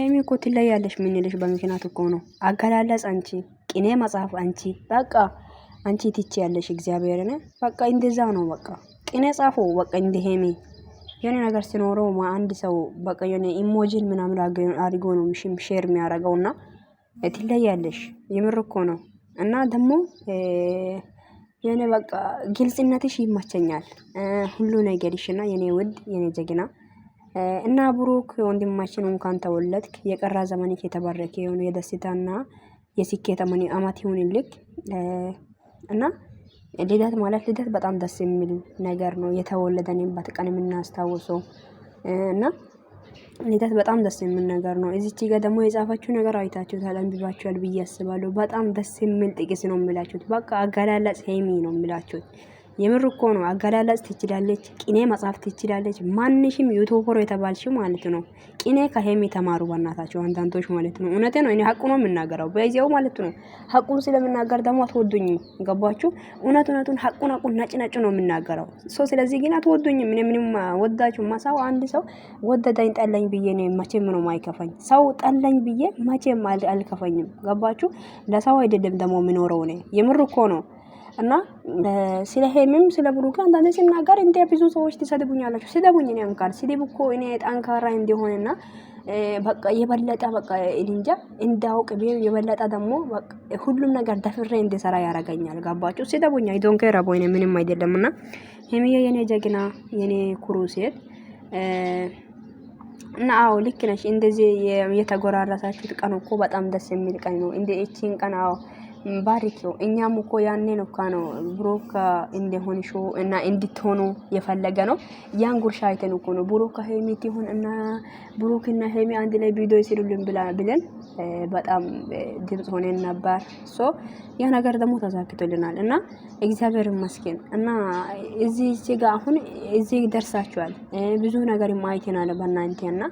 ሄሚ እኮ ትለያለሽ። ምን ይልሽ በምክንያት እኮ ነው። አገላለጽ አንቺ፣ ቅኔ መጽሐፍ አንቺ፣ በቃ አንቺ ትች ያለሽ እግዚአብሔርን በቃ እንደዛ ነው። በቃ ቅኔ ጻፎ በቃ እንደ ሄሚ የሆነ ነገር ሲኖረው አንድ ሰው በቃ የሆነ ኢሞጂን ምናምን አድርጎ ነው ምሽም ሼር የሚያደርገው እና ትለያለሽ። የምር እኮ ነው። እና ደግሞ የሆነ በቃ ግልጽነትሽ ይመቸኛል ሁሉ ነገርሽ እና የኔ ውድ የኔ ጀግና እና ብሩክ ወንድማችን እንኳን ተወለድክ። የቀራ ዘመንክ የተባረከ ይሁን። የደስታና የስኬት አመት ይሁንልክ። እና ልደት ማለት ልደት በጣም ደስ የሚል ነገር ነው። የተወለደንበት ቀን የምናስታውሰው እና ልደት በጣም ደስ የሚል ነገር ነው። እዚች ጋ ደግሞ የጻፋችሁ ነገር አይታችሁታል፣ አንብባችኋል ብዬ አስባለሁ። በጣም ደስ የሚል ጥቅስ ነው የሚላችሁት። በቃ አገላለጽ ሄሚ ነው የሚላችሁት። የምር እኮ ነው። አገላለጽ ትችላለች፣ ቅኔ መጻፍ ትችላለች። ማንሽም ዩቱበር የተባልሽ ማለት ነው። ቅኔ ከሄም የተማሩ በእናታቸው አንዳንዶች ማለት ነው። እውነቴ ነው። እኔ ሀቁ ነው የምናገረው በዚያው ማለት ነው። ሀቁን ስለምናገር ደግሞ አትወዱኝም። ገባችሁ? እውነት እውነቱን ሀቁን ሀቁን ነጭ ነጭ ነው የምናገረው ሰው። ስለዚህ ግን አትወዱኝም። እኔ ምንም ወዳችሁ ማሳው አንድ ሰው ወደዳኝ ጠላኝ ብዬ ነው መቼም ነው ማይከፈኝ ሰው ጠላኝ ብዬ መቼም አልከፈኝም። ገባችሁ? ለሰው አይደለም ደግሞ የምኖረው እኔ የምር እኮ ነው። እና ስለ ሄምም ስለ ብሩክ አንዳንዴ ሲናገር እንደ ብዙ ሰዎች ትሰድቡኛላችሁ። ስደቡኝ ነው ያምቃል። ስድብ እኮ እኔ ጠንካራ እንዲሆንና በቃ የበለጠ በቃ እንጃ እንዳውቅ የበለጠ ደግሞ ሁሉም ነገር ደፍሬ እንዲሰራ ያረገኛል። ገባችሁ? ስደቡኝ አይዶን ረቦይነ ምንም አይደለም። እና ሄሚዬ የኔ ጀግና የኔ ኩሩ ሴት እና አዎ ልክ ነሽ። እንደዚህ የተጎራረሳችሁት ቀን እኮ በጣም ደስ የሚል ቀን ነው። እንደ እቺን ቀን አዎ ባሪኪው እኛም እኮ ያኔ ነው እኮ ነው ብሮካ እንደሆን ሾ እና እንድትሆኑ የፈለገ ነው። ያን ጉርሻ አይተን እኮ ነው ብሮካ ሄሚ ትሆን እና ብሩክና ሄሚ አንድ ላይ ቪዲዮ ይስሩልን ብላ ብለን በጣም ድምፅ ሆነን ነበር። ሶ ያ ነገር ደግሞ ተሳክቶልናል እና እግዚአብሔር ይመስገን እና እዚህ ጋ አሁን እዚህ ደርሳችኋል። ብዙ ነገር አይተናል በእናንተ እና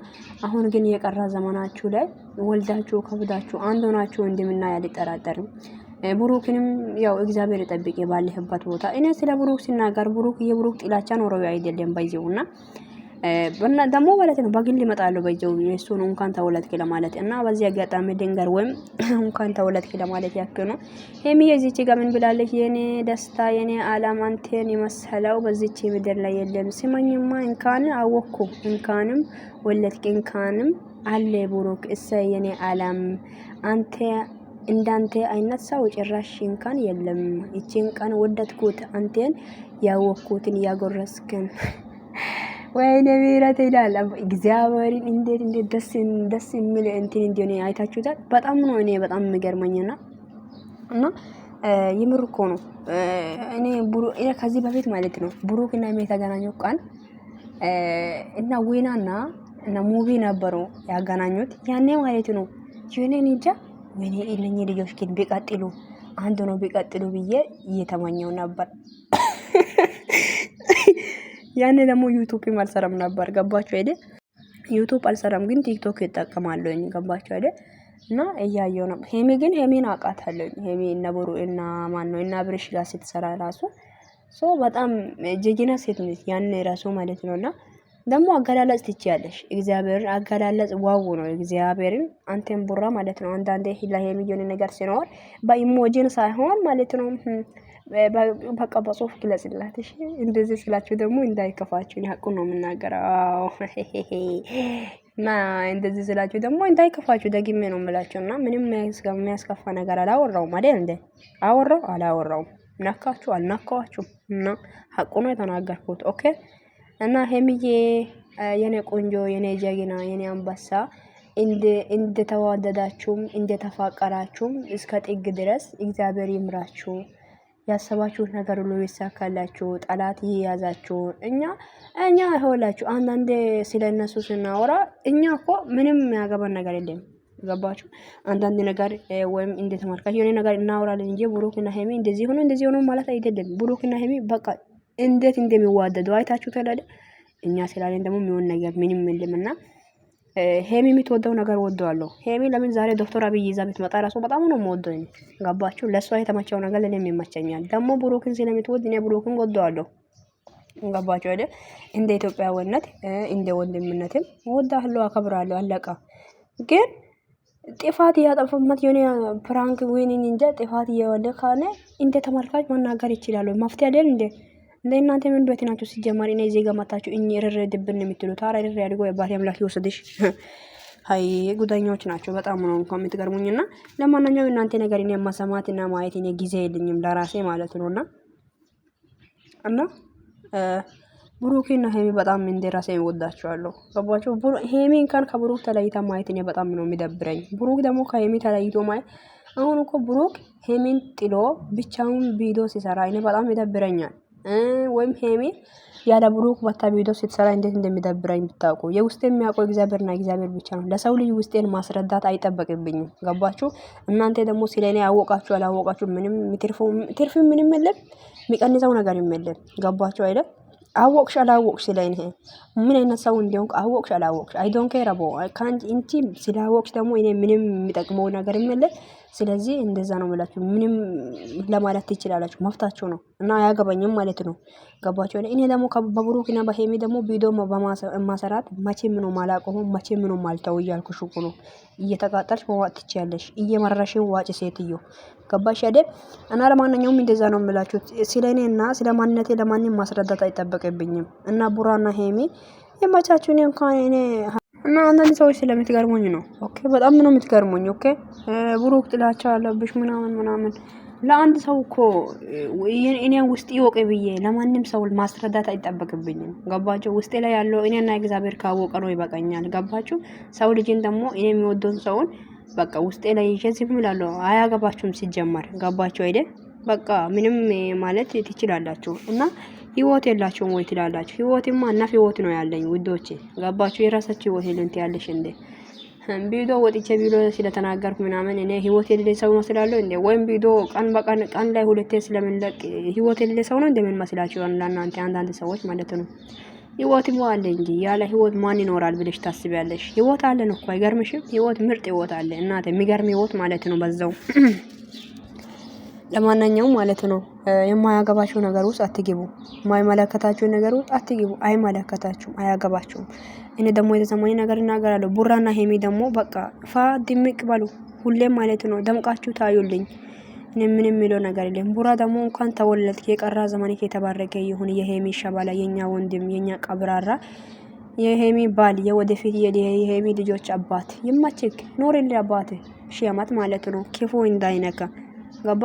አሁን ግን የቀራ ዘመናችሁ ላይ ወልዳችሁ ከብዳችሁ አንድ ሆናችሁ እንደምናይ አልጠራጠርም። ብሩክንም ያው እግዚአብሔር ጠብቅ ባለህበት ቦታ። እኔ ስለ ብሩክ ሲናገር ብሩክ የብሩክ ጥላቻ ኖረው አይደለም ባይዘው እና ደግሞ ማለት ነው በግል ይመጣለሁ በይዘው ነው እንኳን ተወለድክ ለማለት እና በዚህ አጋጣሚ ድንገር ወይም እንኳን ተወለድክ ለማለት ያክል ነው። ሄሚ የዚች ጋ ምን ብላለች? የኔ ደስታ የኔ አላም አንቴን የመሰለው በዚች ምድር ላይ የለም። ስመኝማ እንኳን አወኩ እንኳንም ወለድክ እንኳንም አለ ብሩክ እሰ የኔ አላም አንቴ እንዳንተ አይነት ሰው ጭራሽ እንኳን የለም። እቺን ቀን ወደድኩት አንቴን ያወኩትን ያጎረስከን ወይኔ ምህረት ይላል እግዚአብሔርን። እንዴት እንዴት ደስ ደስ የሚል እንትን እንዲሆነ አይታችሁታል። በጣም ነው እኔ በጣም የሚገርመኝና እና የምር እኮ ነው እኔ ብሩ ከዚህ በፊት ማለት ነው ብሩክ እና የተገናኘው ቀን እና ዊናና እና ሙቪ ነበረው ያገናኙት ያኔ ማለት ነው ዩኔን ወይኔ እነኚህ ልጆች ግን ቢቀጥሉ አንድ ነው ቢቀጥሉ ብዬ እየተማኘው ነበር። ያኔ ደግሞ ዩቱብ አልሰራም ነበር። ገባችሁ አይደ? ዩቱብ አልሰራም ግን ቲክቶክ ይጠቀማለኝ። ገባችሁ አይደ? እና እያየው ነው። ሄሜ ግን ሄሜን አውቃታለኝ። ሄሜ እነበሩ እና ማን ነው እና ብርሽ ጋር ስትሰራ ራሱ ሶ በጣም ጀግና ሴት ነች። ያን ራሱ ማለት ነው እና ደግሞ አገላለጽ ትችያለሽ። እግዚአብሔር አገላለጽ ዋው ነው። እግዚአብሔርን አንተን ቡራ ማለት ነው። አንዳንዴ ሂላ የሚሆን ነገር ሲኖር በኢሞጂን ሳይሆን ማለት ነው። በቃ በጽሁፍ ግለጽላት። እንደዚህ ስላችሁ ደግሞ እንዳይከፋችሁ ሀቁ ነው የምናገረው። እና እንደዚህ ስላችሁ ደግሞ እንዳይከፋችሁ ደግሜ ነው የምላችሁ። እና ምንም የሚያስከፋ ነገር አላወራውም አይደል? እንደ አወራው አላወራውም፣ ነካችሁ አልነካዋችሁም። እና ሀቁ ነው የተናገርኩት። ኦኬ እና ሄምዬ የኔ ቆንጆ የኔ ጀግና የኔ አንበሳ እንደተዋደዳችሁም እንደተፋቀራችሁም እስከ ጥግ ድረስ እግዚአብሔር ይምራችሁ። ያሰባችሁ ነገር ሁሉ ይሳካላችሁ። ጠላት ይያዛችሁ። እኛ እኛ ይሆላችሁ። አንዳንዴ ስለ እነሱ ስናወራ እኛ እኮ ምንም ያገባን ነገር የለም። ገባችሁ? አንዳንድ ነገር ወይም እንደ የሆነ ነገር እናወራለን እንጂ ብሩክና ሄሚ እንደዚህ ሆኖ እንደዚህ ሆኖ ማለት አይደለም። ብሩክና ሄሚ በቃ እንዴት እንደሚዋደዱ አይታችሁ ተላለ። እኛ ስላለን ደግሞ የሚሆን ነገር ምንም የለም እና ሄሚ የምትወደው ነገር ወደዋለሁ። ሄሚ ለምን ዛሬ ዶክተር አብይ ይዛ ብትመጣ ራሱ በጣም ነው የምወደው። ገባችሁ? ለእሷ የተመቸው ነገር ለእኔም ይመቸኛል። ደግሞ ብሩክን ስለምትወድ እኔ ብሩክን ወደዋለሁ። ገባችሁ አይደል? እንደ ኢትዮጵያዊነት እንደ ወንድምነትም ወዳለሁ፣ አከብራለሁ። አለቃ ግን ጥፋት እያጠፋበት የሆነ ፕራንክ ወይን እንጃ ጥፋት እየወደ ከሆነ እንደ ተመልካች መናገር ይችላሉ። መፍትሄ አይደል እንደ እንደ እናንተ ምን ቤት ናቸው? ሲጀመር እኔ ዜጋ ጋር መታችሁ እኔ ርር ድብን ነው የምትሉት። አራ ርር ያድጎ የባት አምላክ ይወሰድሽ። ሀይ ጉዳኛዎች ናቸው። በጣም ነው እንኳ የምትገርሙኝ። ና ለማንኛውም እናንተ ነገር እኔ ማሰማት እና ማየት እኔ ጊዜ የለኝም ለራሴ ማለት ነው። ና እና ብሩኬ ና ሄሚ በጣም እንደ ራሴ ወዳቸዋለሁ። ገባቸው። ሄሚ እንኳን ከብሩክ ተለይታ ማየት እኔ በጣም ነው የሚደብረኝ። ብሩክ ደግሞ ከሄሚ ተለይቶ ማየት አሁን እኮ ብሩክ ሄሚን ጥሎ ብቻውን ቪዲዮ ሲሰራ እኔ በጣም ይደብረኛል። ወይም ሄሜ ያለ ብሩክ በአካባቢ ሄደው ስትሰራ እንዴት እንደሚደብረኝ ብታውቁ። የውስጤን የሚያውቀው እግዚአብሔርና እግዚአብሔር ብቻ ነው። ለሰው ልጅ ውስጤን ማስረዳት አይጠበቅብኝም። ገባችሁ? እናንተ ደግሞ ስለ እኔ ያወቃችሁ አላወቃችሁ፣ ምንም ትርፍ ምንም የለም፣ የሚቀንሰው ነገር የለም። ገባችሁ አይደል? አወቅሽ አላወቅሽ ስለ እኔ ምን አይነት ሰው እንዲሆን አወቅሽ አላወቅሽ አይዶንኬ ረቦ ከአንቺ ስላወቅሽ ደግሞ እኔ ምንም የሚጠቅመው ነገር የለም ስለዚህ እንደዛ ነው የምላችሁ። ምንም ለማለት ትችላላችሁ፣ መፍታቸው ነው እና አያገባኝም ማለት ነው። ገባቸው። እኔ ደግሞ በብሩክና በሄሚ ደግሞ ቪዲዮ በማሰራት መቼም ነው ማላቆመው፣ መቼም ነው ማልተው እያልኩ ሹቁ ነው። እየተቃጠልሽ መዋጥ ትችያለሽ፣ እየመረሽን ዋጭ ሴትዮ። ገባሽ አይደል? እና ለማንኛውም እንደዛ ነው የምላችሁት። ስለ እኔ እና ስለ ማንነቴ ለማንም ማስረዳት አይጠበቅብኝም እና ቡራና ሄሚ የመቻችሁን እንኳን እኔ እና አንዳንድ ሰዎች ስለምትገርሙኝ ነው። ኦኬ በጣም ነው የምትገርሙኝ። ኦኬ ብሩክ ጥላቻ አለብሽ ምናምን ምናምን ለአንድ ሰው እኮ እኔ ውስጥ ይወቅ ብዬ ለማንም ሰው ማስረዳት አይጠበቅብኝም። ገባቸው ውስጤ ላይ ያለው እኔና እግዚአብሔር ካወቀ ነው ይበቃኛል። ገባቸው ሰው ልጅን ደግሞ እኔ የሚወደውን ሰውን በቃ ውስጤ ላይ ይዤ ዝም እላለሁ። አያገባችሁም ሲጀመር። ገባቸው አይደል? በቃ ምንም ማለት ትችላላችሁ እና ህይወት የላችሁም ወይ ትላላችሁ። ህይወትማ እናፍ ህይወት ነው ያለኝ ውዶች፣ ገባችሁ? የራሳችሁ ህይወት የለን ትያለሽ እንዴ? ቢዶ ወጥቼ ቢሎ ስለተናገርኩ ምናምን እኔ ህይወት የሌለ ሰው ነው ስላለው እንዴ? ወይም ቢዶ ቀን በቀን ቀን ላይ ሁለቴ ስለምንለቅ ህይወት የሌለ ሰው ነው እንደምንመስላችሁ ለእናንተ አንዳንድ ሰዎች ማለት ነው። ህይወት አለ እንጂ ያለ ህይወት ማን ይኖራል ብለሽ ታስቢያለሽ? ህይወት አለን እኮ አይገርምሽም? ህይወት ምርጥ ህይወት አለ እናቴ፣ የሚገርም ህይወት ማለት ነው በዛው ለማናኛውም ማለት ነው የማያገባቸው ነገር ውስጥ አትግቡ። የማይመለከታቸው ነገር ውስጥ አትግቡ። አይመለከታችሁም፣ አያገባችሁም። እኔ ደግሞ የተሰማኝ ነገር እናገራለሁ። ቡራና ሄሚ ደግሞ በቃ ፋ ድምቅ በሉ ሁሌም ማለት ነው። ደምቃችሁ ታዩልኝ። እኔ ምን የሚለው ነገር የለም። ቡራ ደግሞ እንኳን ተወለድክ፣ የቀራ ዘመንክ የተባረከ ይሁን። የሄሚ ሸባላ፣ የኛ ወንድም፣ የኛ ቀብራራ፣ የሄሚ ባል፣ የወደፊት የሄሚ ልጆች አባት፣ የማችግ ኖርል አባት ሺህ አመት ማለት ነው። ክፉ እንዳይነካ ገባ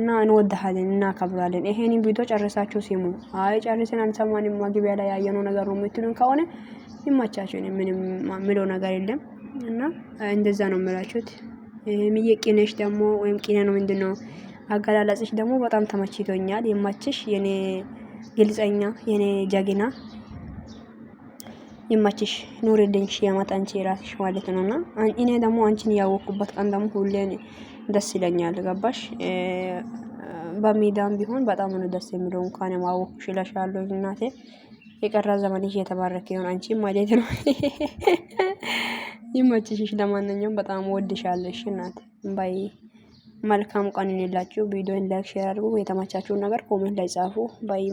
እና እንወድሃለን እናከብራለን። ይሄን ቪዲዮ ጨርሳችሁ ሲሙ። አይ ጨርሰን አልሰማንም ማግቢያ ላይ ያየነው ነገር ነው የምትሉን ከሆነ ይማቻችሁ። ምንም ምለው ነገር የለም እና እንደዛ ነው የምላችሁት። ምዬ ቂነሽ ደግሞ ወይም ቂነ ነው ምንድን ነው አገላለጽሽ ደግሞ በጣም ተመችቶኛል። ይማችሽ የኔ ግልጸኛ፣ የኔ ጀግና ይማችሽ ኑሪልኝ። ሺህ ዓመት አንቺ ራስሽ ማለት ነውና እኔ ደግሞ አንቺን ያወቅኩበት ቀን ደግሞ ሁሌ ደስ ይለኛል። ገባሽ? በሜዳም ቢሆን በጣም ነው ደስ የሚለው። እንኳን ማወቅሽ እልሻለሁ እናቴ። የቀረ ዘመንሽ የተባረከ ይሁን አንቺ ማለት ነው። ይመችሽ። ለማንኛውም በጣም ወድሻለሽ እናት ባይ። መልካም ቀን ይሁንላችሁ። ቪዲዮን ላይክ፣ ሼር አድርጉ። የተመቻችሁን ነገር ኮሜንት ላይ ጻፉ። ባይ